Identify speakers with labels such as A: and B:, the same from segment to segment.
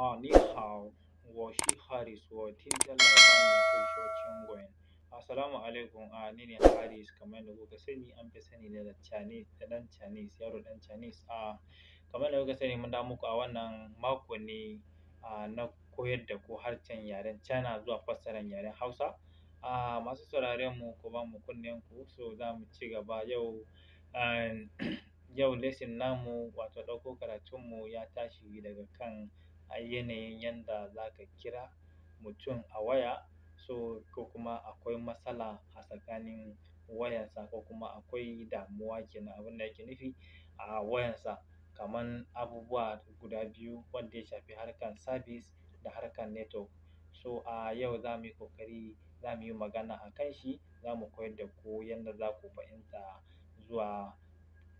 A: 啊，你好，我是 Haris，我听着 labarin Kwishocin Gwen. Assalamu alaikum, a ni ne Haris, kamar da kuka sani an fi da cani da ɗan Chinese, yaro ɗan Chinese. A kamar da kuka sani mun dawo muku a wannan mako ne na koyar da ku harshen yaren cana zuwa fassarar yaren Hausa. A masu sauraren mu ku ba mu ku, so za mu ci gaba yau yau lesson namu wato ɗauko karatunmu ya tashi daga kan a yanayin yanda za ka kira mutum a waya so ko kuma akwai matsala a tsakanin wayarsa ko kuma akwai damuwa kenan abin da yake nufi a wayarsa kaman abubuwa guda biyu wanda ya shafi harkan sabis da harkan network. So a yau za mu yi ƙoƙari za mu yi magana a kan shi, za mu koyar da ku yanda za ku fahimta zuwa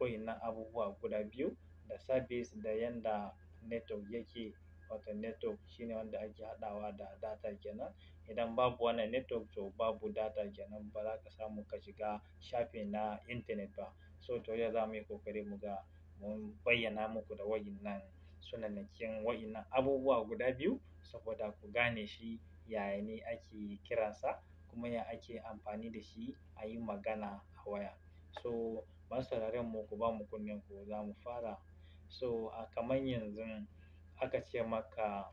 A: wa'innan abubuwa guda biyu da sabis da yanda network yake wato network shine wanda ake haɗawa da data kenan. Idan babu wannan network to babu data kenan ba za ka samu ka shiga shafi na intanet ba. So to yau za mu yi ƙoƙari mu ga mun bayyana muku da wa'innan sunannakin wa'innan abubuwa guda biyu saboda ku gane shi yaya ne ake kiransa kuma ya ake amfani da shi a yi magana a waya. So masu sauraron mu ku ba mu kunnen ku za mu fara. So a kaman yanzun. aka ce maka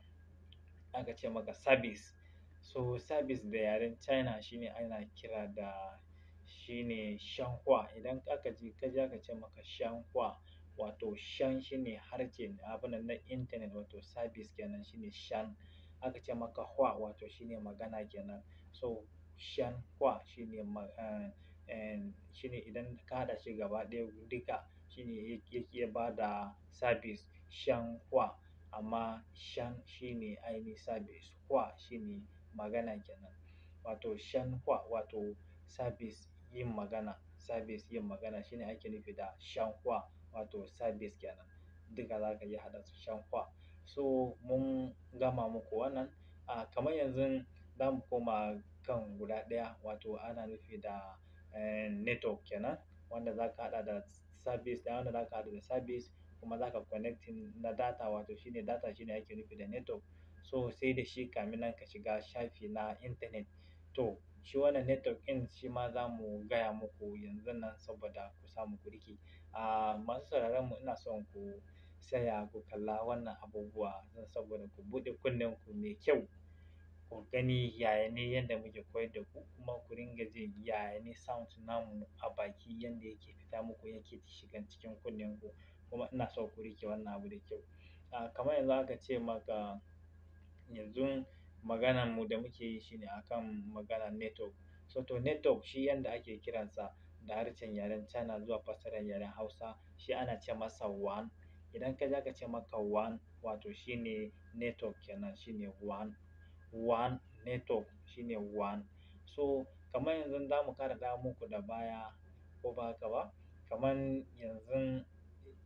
A: aka ce maka service so service da yaren china shine ana kira da shine shanhua idan aka ji ka aka ce maka shanhua wato shan shine harce abin na internet wato service kenan shine shan aka ce maka hua wato shine magana kenan so shan kwa shine ma, eh, eh, shine idan ka haɗa shi gaba ɗaya duka shine yake ba da service shan amma shan shine ainihin service hwa shine magana kenan wato shan hwa wato service yin magana sabis yin magana shine ake nufi da shan hwa wato service kenan duka za ka iya haɗa su shan hwa so mun gama muku wannan a kamar yanzu za mu koma kan guda ɗaya wato ana nufi da eh, network kenan wanda za ka haɗa da service da wanda zaka haɗu da service kuma zaka connecting na data wato shine data shine ake nufi da network so sai da shi kamin nan ka shiga shafi na internet to shi wannan network ɗin shi ma za mu gaya muku yanzu nan saboda ku samu ku riki a ah, masu sauraron mu ina son ku saya ku kalla wannan abubuwa don saboda ku buɗe kunnen ku mai kyau ku gani yaya ne yanda muke koyar da ku kuma ku ringa jin yaya ne sound namu a baki yanda yake fita muku yake shiga cikin kunnen ku kuma ina so ku riƙe wannan abu da kyau. A kamar yanzu aka ce maka yanzu maganan mu da muke yi shi ne akan maganar network. So to network shi yanda ake sa da harshen yaren China zuwa fassaran yaren Hausa shi ana ce masa WAN. Idan ka ji aka ce maka WAN wato shi ne network kenan shi ne WAN. WAN network shi ne WAN. So kamar yanzu za mu ƙara dawo muku da baya ko ba haka ba? Kaman yanzu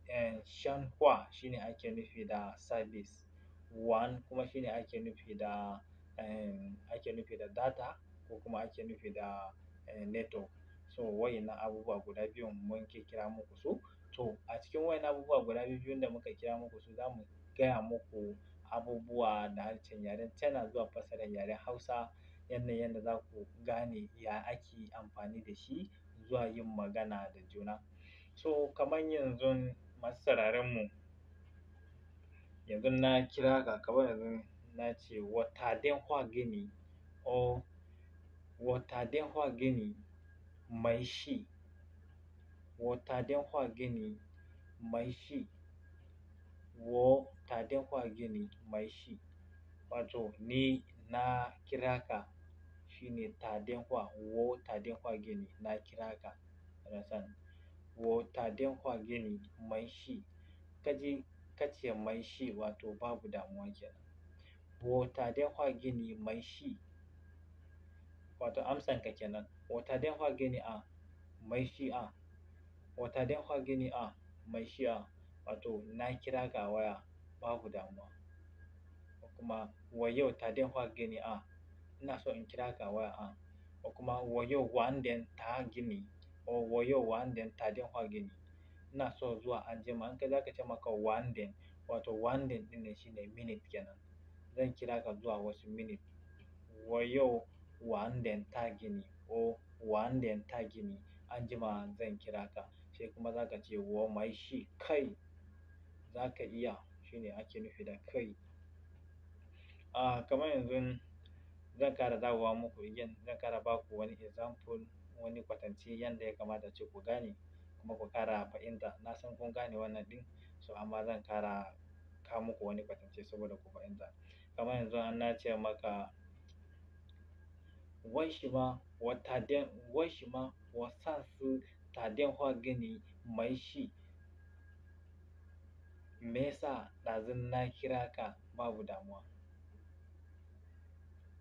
A: eh, shi ne ake nufi da service. WAN kuma ne ake nufi da, eh, ake nufi da data ko kuma ake nufi da, eh, network. So wa'innan abubuwa guda biyun mun kirkira muku su. To a cikin wa'innan abubuwa guda biyun da muka kira muku su za mu gaya muku abubuwa da harshen yaren China zuwa fassarar yaren Hausa yanayin yadda za ku gane ya ake amfani da shi zuwa yin magana da juna. So kamar yanzu masu mu, yanzu na kira ka kamar yanzu na ce wata den kwa gini o oh, wata den kwa gini mai shi, wata den kwa gini mai shi. wo ta kwa gini mai shi. Wato ni na kira ka shine ta kwa wo ta kwa gini na kira ka. Rasan wo ta kwa gini mai shi. Kaji kace mai shi wato babu damuwa kenan. Wo ta kwa gini mai shi. Wato amsan ka kenan. Wo ta kwa gini a mai shi a. Wo ta kwa gini a mai shi a. wato na kira ka a waya babu damuwa ko kuma wa yau ta den fa gini a ah, ina so in kira ka a waya a ah. ko kuma wa yau wan den ta gini ko wa yau wan den ta den fa gini ina so zuwa ma an kai zaka ce maka wan den wato wan den din ne shine minute kenan zan kira ka zuwa wasu minute wa yau wan den ta gini ko wan den ta gini An ma zan kira ka sai kuma zaka ce wa mai shi kai za ka iya shi ne ake nufi da kai. A kamar yanzu zan ƙara dawowa muku again zan ƙara ba ku wani example wani kwatance yanda ya kamata ce ku gane kuma ku ƙara fahimta. Na san kun gane wannan ɗin so amma zan ƙara kawo muku wani kwatance saboda ku fahimta. Kamar yanzu in na ce maka wanshima ma wanshima wasansu taden hwa gini shi. me yasa ɗazun na kira ka babu damuwa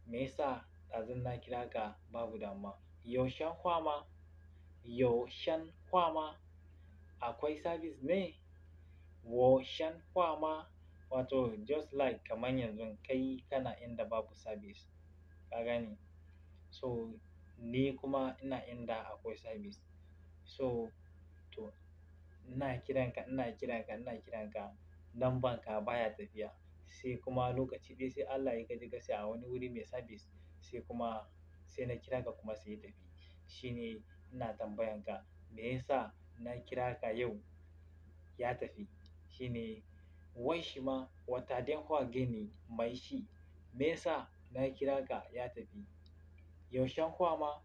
A: me yasa ɗazun na kira ka babu damuwa yaushen kwama yaushen kwama akwai service ne washen kwama wato just like kamar yanzu kai kana inda babu service ka gane so ni kuma ina inda akwai service so to ina kiranka ina kiranka ina kiranka nan banka baya tafiya sai kuma lokaci ɗaya sai Allah ya gaji ka sai a wani wuri mai sabis sai kuma sai na kira ka kuma sai ya tafi shine ina tambayan ka me yasa na kira ka yau ya tafi shine wai shi ma wata den hwa gini mai shi me yasa na kira ka ya tafi yaushen hwa ma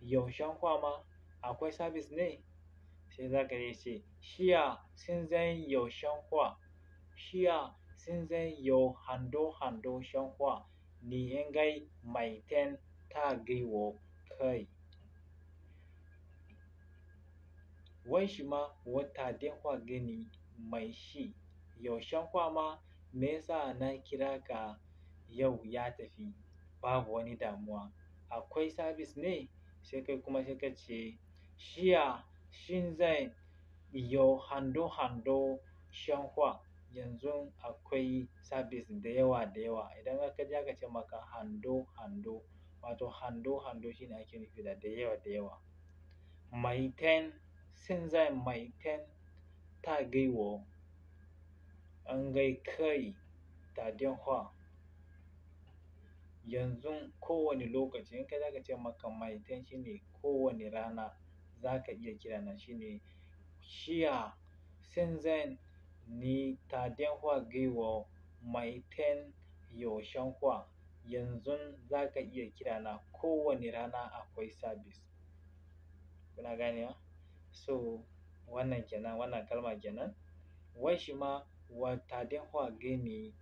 A: yaushen ma akwai sabis ne Sai za ka yi a ce, shi sun zan yi a yau shankwa, shi sun zan yau hando-hando shankwa. Ni yakan yi mai ɗan ta gai wa kai. Wai shi ma wata da yawancin gani mai shi yau shankwa ma? Me yasa na kira ka yau ya tafi? Babu wani damuwa, akwai sabis ne? Sai kai kuma sai ka ce. Shi Yanzu akwai sabis da yawa da yawa idan ka je aka ce maka hando hando wato hando hando shine ake nufi da da yawa da yawa mai ten sin zai mai ten ta gai wo an gai kai ta dianhua yanzu kowane lokaci in ka je aka ce maka mai ten shine kowane rana za ka iya kira na shine Shiya zan ni ta denhwa gaiwa mai ten yaushen kwa yanzu za ka iya kira na kowane rana akwai sabis kuna ganewa so wannan kenan wannan kalma kenan washi ma wa ta denhwa gini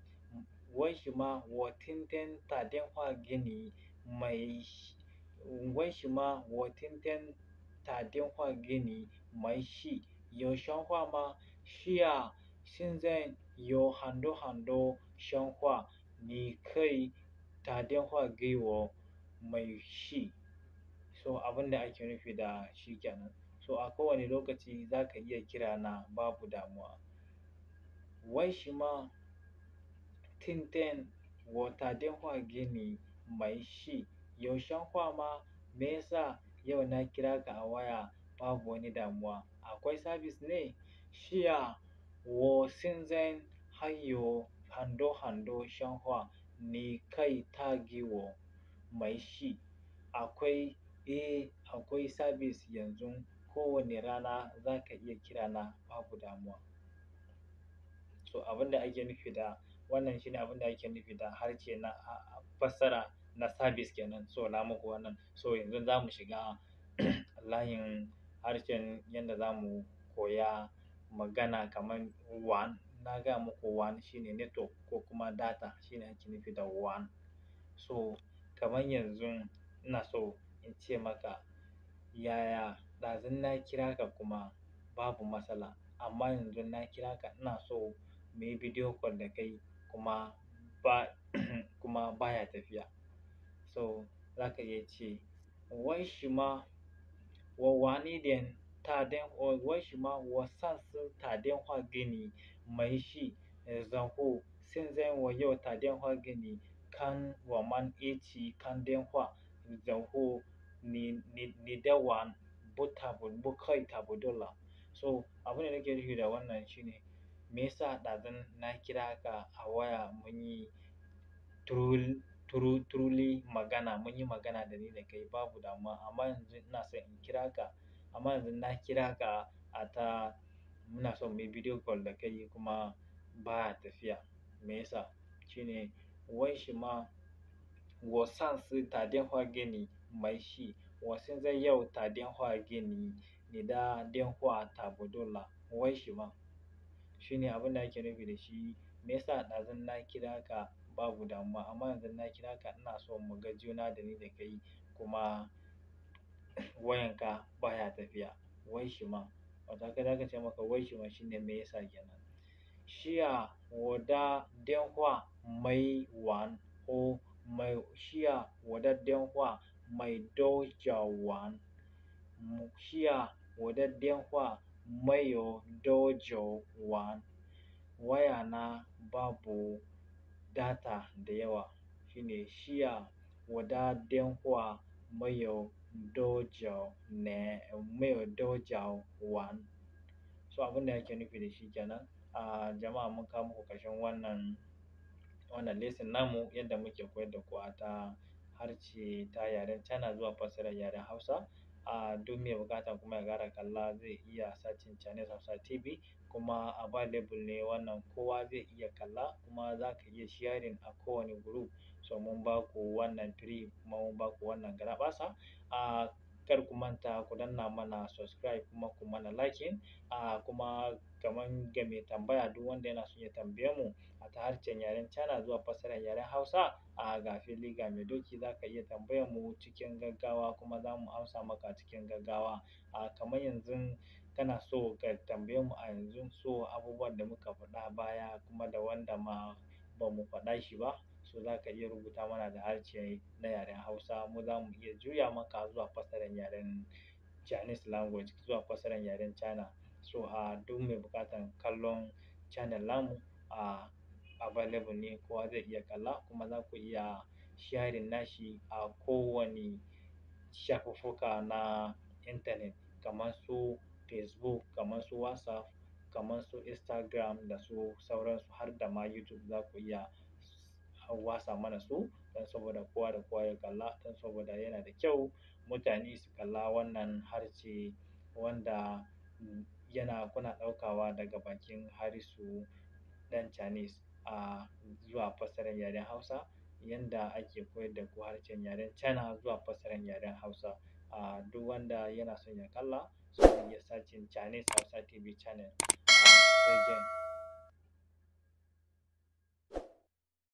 A: washi ma wa tinten ta denhwa gini mai washi ma wa tinten 打电话给你没事，有想法吗？是啊，现在有很多很多想法，你可以打电话给我，没事。So abin da ake nufi da shi kenan. So a kowane lokaci za ka iya kira na babu damuwa. Wai shi ma tinten wata denwa gini mai shi, yaushen kwa ma me yasa yau na kira ka a waya babu wani damuwa akwai sabis ne shiya wo sinzen hayo hando hando shanho ni kai tagi wo mai shi akwai eh akwai sabis yanzu kowane rana za ka iya kira na babu damuwa so abin da ake nufi da wannan ne abin da ake nufi da harshe na fassara na service kenan so na muku wannan so yanzu za mu shiga layin harshen yadda za mu koya magana kamar one na gaya muku one shine network ko kuma data shine ake nufi da one so kamar yanzu ina so in ce maka yaya ɗazun na kira ka kuma babu matsala amma yanzu na kira ka ina so mu yi bidiyo call da kai kuma ba kuma baya tafiya so like iya ce wai shi ma wa wani den ta den wai shi ma wa san su ta den gini mai shi eh, zan ho sin zan wa yau ta den hwa gini kan wa man eci kan den hwa zan ho ni da wan bu ta bu bu kai ta bu dola so abu ne nake da wannan shine me yasa ɗazun na kira ka a waya mun yi true truly magana mun yi magana da ni da kai babu damuwa amma yanzu ina so in kira ka amma yanzu na kira ka a ta muna so mu yi video call da kai kuma baya tafiya me yasa shine wai shi ma wo san si ta den hwa gini mai shi wo sin zai yau ta den hwa gini ni da den hwa ta budola wai shi ma shine abin da ake nufi da shi me yasa ɗazun na kira ka babu damuwa amma yanzu na kira ka ina so mu ga juna da ni da kai kuma wayanka baya tafiya wai shi ma wato kai ka ce maka wai shi ma shine me yasa kenan shiya wada mai wan ko mai shiya wada mai doja wan shiya wada mai dojo wan waya na babu data da yawa. Shine shiya denhua mayo dojau ne, mayo dojau wan. So abin da ake nufi da shi kenan. a jama'a mun kawo muku ƙarshen wannan, wannan lesson namu yadda muke koyar da ku a ta harshe ta yaren China zuwa fassarar yaren Hausa. a duk mai bukata kuma ya ƙara kalla zai iya sacin Channels Hausa TV kuma available ne wannan kowa zai iya kalla kuma za ka iya sharing a kowane group so mun ba ku wannan free kuma mun ba ku wannan garaɓasa a kar ku manta ku danna mana subscribe kuma ku mana liking a kuma kamar ga mai tambaya duk wanda yana son ya tambaye mu ta harshen yaren China zuwa fasaran yaren Hausa a ga fili ga mai doki za ka iya tambayar mu cikin gaggawa kuma za mu amsa maka cikin gaggawa. A kamar yanzu kana so ka tambaye mu a yanzu so abubuwan da muka faɗa baya kuma da wanda ma ba mu faɗa shi ba so za ka iya rubuta mana da harshe na yaren Hausa mu za mu iya juya maka zuwa fasaran yaren Chinese language zuwa fasaran yaren China. So a duk mai buƙatar kallon channel namu a. available ne kowa zai iya kalla kuma za ku iya sharing nashi a kowane shafuffuka na intanet kamar su Facebook, kamar su WhatsApp, kamar su Instagram da su sauransu har da ma YouTube za ku iya wasa mana su don saboda kowa da kowa ya kalla don saboda yana da kyau mutane su kalla wannan harshe wanda yana kuna ɗaukawa daga bakin Harisu dan Chinese. a zuwa fassaran yaren Hausa yanda ake koyar da ku harshen yaren China zuwa fassaran yaren Hausa. A duk wanda yana son ya kalla su ya searching Chinese Hausa TV channel. A